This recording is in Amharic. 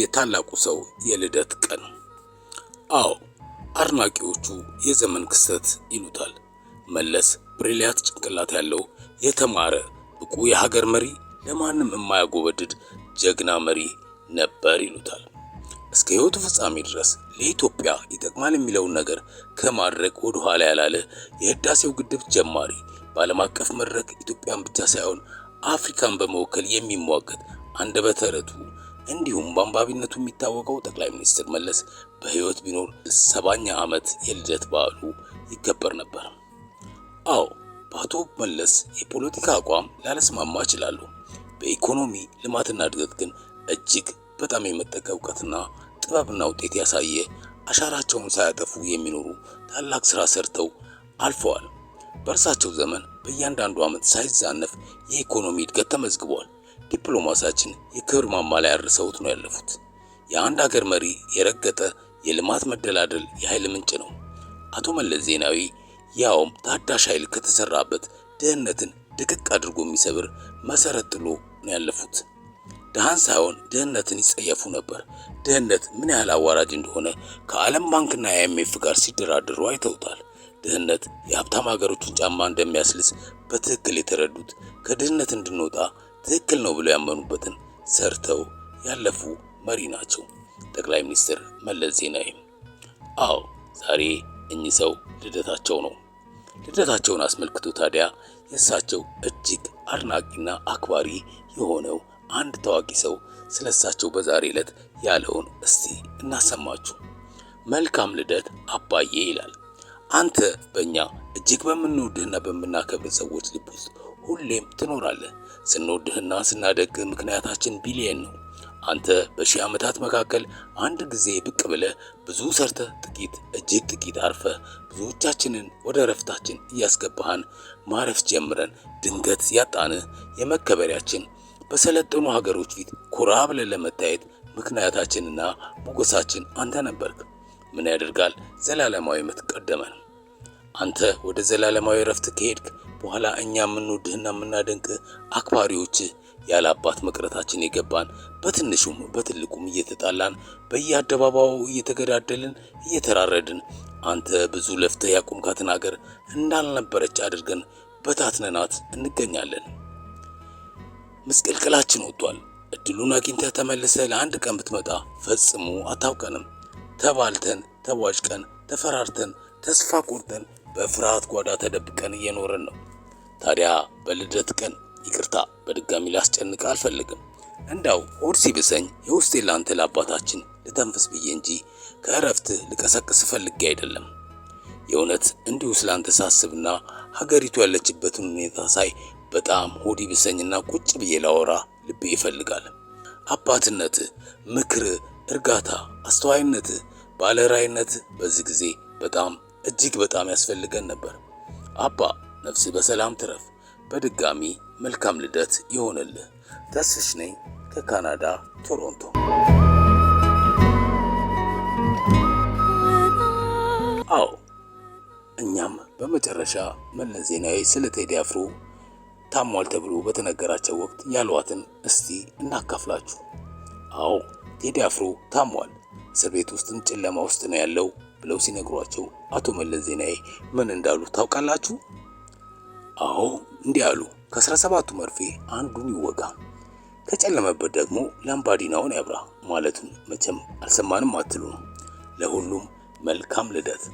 የታላቁ ሰው የልደት ቀን። አዎ አድናቂዎቹ የዘመን ክስተት ይሉታል። መለስ ብሪሊያት ጭንቅላት ያለው የተማረ ብቁ የሀገር መሪ፣ ለማንም የማያጎበድድ ጀግና መሪ ነበር ይሉታል። እስከ ሕይወቱ ፍጻሜ ድረስ ለኢትዮጵያ ይጠቅማል የሚለውን ነገር ከማድረግ ወደ ኋላ ያላለ የህዳሴው ግድብ ጀማሪ፣ በዓለም አቀፍ መድረክ ኢትዮጵያን ብቻ ሳይሆን አፍሪካን በመወከል የሚሟገት አንደበተ ርቱዕ እንዲሁም በአንባቢነቱ የሚታወቀው ጠቅላይ ሚኒስትር መለስ በህይወት ቢኖር ሰባኛ ዓመት የልደት በዓሉ ይከበር ነበር። አዎ በአቶ መለስ የፖለቲካ አቋም ላለስማማ ይችላሉ። በኢኮኖሚ ልማትና እድገት ግን እጅግ በጣም የመጠቀ እውቀትና ጥበብና ውጤት ያሳየ አሻራቸውን ሳያጠፉ የሚኖሩ ታላቅ ስራ ሰርተው አልፈዋል። በእርሳቸው ዘመን በእያንዳንዱ ዓመት ሳይዛነፍ የኢኮኖሚ እድገት ተመዝግቧል። ዲፕሎማሳችን የክብር ማማ ላይ አድርሰውት ነው ያለፉት። የአንድ ሀገር መሪ የረገጠ የልማት መደላደል የኃይል ምንጭ ነው። አቶ መለስ ዜናዊ ያውም ታዳሽ ኃይል ከተሰራበት ድህነትን ድቅቅ አድርጎ የሚሰብር መሰረት ጥሎ ነው ያለፉት። ድሃን ሳይሆን ድህነትን ይጸየፉ ነበር። ድህነት ምን ያህል አዋራጅ እንደሆነ ከዓለም ባንክና የአይኤምኤፍ ጋር ሲደራደሩ አይተውታል። ድህነት የሀብታም ሀገሮችን ጫማ እንደሚያስልስ በትክክል የተረዱት ከድህነት እንድንወጣ ትክክል ነው ብለው ያመኑበትን ሰርተው ያለፉ መሪ ናቸው ጠቅላይ ሚኒስትር መለስ ዜናዊ። አዎ ዛሬ እኚህ ሰው ልደታቸው ነው። ልደታቸውን አስመልክቶ ታዲያ የእሳቸው እጅግ አድናቂና አክባሪ የሆነው አንድ ታዋቂ ሰው ስለ እሳቸው በዛሬ ዕለት ያለውን እስቲ እናሰማችሁ። መልካም ልደት አባዬ ይላል። አንተ በእኛ እጅግ በምንወድህና በምናከብር ሰዎች ልብ ውስጥ ሁሌም ትኖራለህ። ስንወድህና ስናደግ ምክንያታችን ቢሊየን ነው። አንተ በሺህ ዓመታት መካከል አንድ ጊዜ ብቅ ብለህ ብዙ ሰርተህ ጥቂት እጅግ ጥቂት አርፈህ ብዙዎቻችንን ወደ እረፍታችን እያስገባህን ማረፍ ጀምረን ድንገት ያጣንህ የመከበሪያችን በሰለጠኑ ሀገሮች ፊት ኩራ ብለን ለመታየት ምክንያታችንና ሞገሳችን አንተ ነበርክ። ምን ያደርጋል ዘላለማዊ ምትቀደመን አንተ ወደ ዘላለማዊ እረፍት ከሄድክ በኋላ እኛ የምንወድህና የምናደንቅ አክባሪዎች ያለ አባት መቅረታችን የገባን በትንሹም በትልቁም እየተጣላን በየአደባባዩ እየተገዳደልን እየተራረድን አንተ ብዙ ለፍተህ ያቆምካትን አገር እንዳልነበረች አድርገን በታትነናት እንገኛለን። ምስቅልቅላችን ወጥቷል። እድሉን አግኝተህ ተመልሰህ ለአንድ ቀን ብትመጣ ፈጽሞ አታውቀንም። ተባልተን ተቧጭቀን ተፈራርተን ተስፋ ቆርጠን በፍርሃት ጓዳ ተደብቀን እየኖርን ነው። ታዲያ በልደት ቀን ይቅርታ በድጋሚ ላስጨንቅ አልፈልግም። እንዳው ሆድ ሲብሰኝ የውስጤ ላንተ ለአባታችን ልተንፍስ ብዬ እንጂ ከእረፍት ልቀሰቅስ ፈልጌ አይደለም። የእውነት እንዲሁ ስላንተ ሳስብና ሀገሪቱ ያለችበትን ሁኔታ ሳይ በጣም ሆድ ይብሰኝና ቁጭ ብዬ ላወራ ልቤ ይፈልጋል። አባትነት፣ ምክር እርጋታ፣ አስተዋይነት ባለራይነት በዚህ ጊዜ በጣም እጅግ በጣም ያስፈልገን ነበር አባ ነፍስ በሰላም ትረፍ። በድጋሚ መልካም ልደት ይሆንልህ። ተስፍሽ ነኝ ከካናዳ ቶሮንቶ። አዎ እኛም በመጨረሻ መለስ ዜናዊ ስለ ቴዲ አፍሮ ታሟል ተብሎ በተነገራቸው ወቅት ያሏትን እስቲ እናካፍላችሁ። አዎ ቴዲ አፍሮ ታሟል፣ እስር ቤት ውስጥም ጨለማ ውስጥ ነው ያለው ብለው ሲነግሯቸው አቶ መለስ ዜናዊ ምን እንዳሉ ታውቃላችሁ? አዎ እንዲህ አሉ። ከአስራ ሰባቱ መርፌ አንዱን ይወጋ፣ ከጨለመበት ደግሞ ላምባዲናውን ያብራ ማለቱን መቼም አልሰማንም አትሉ? ለሁሉም መልካም ልደት።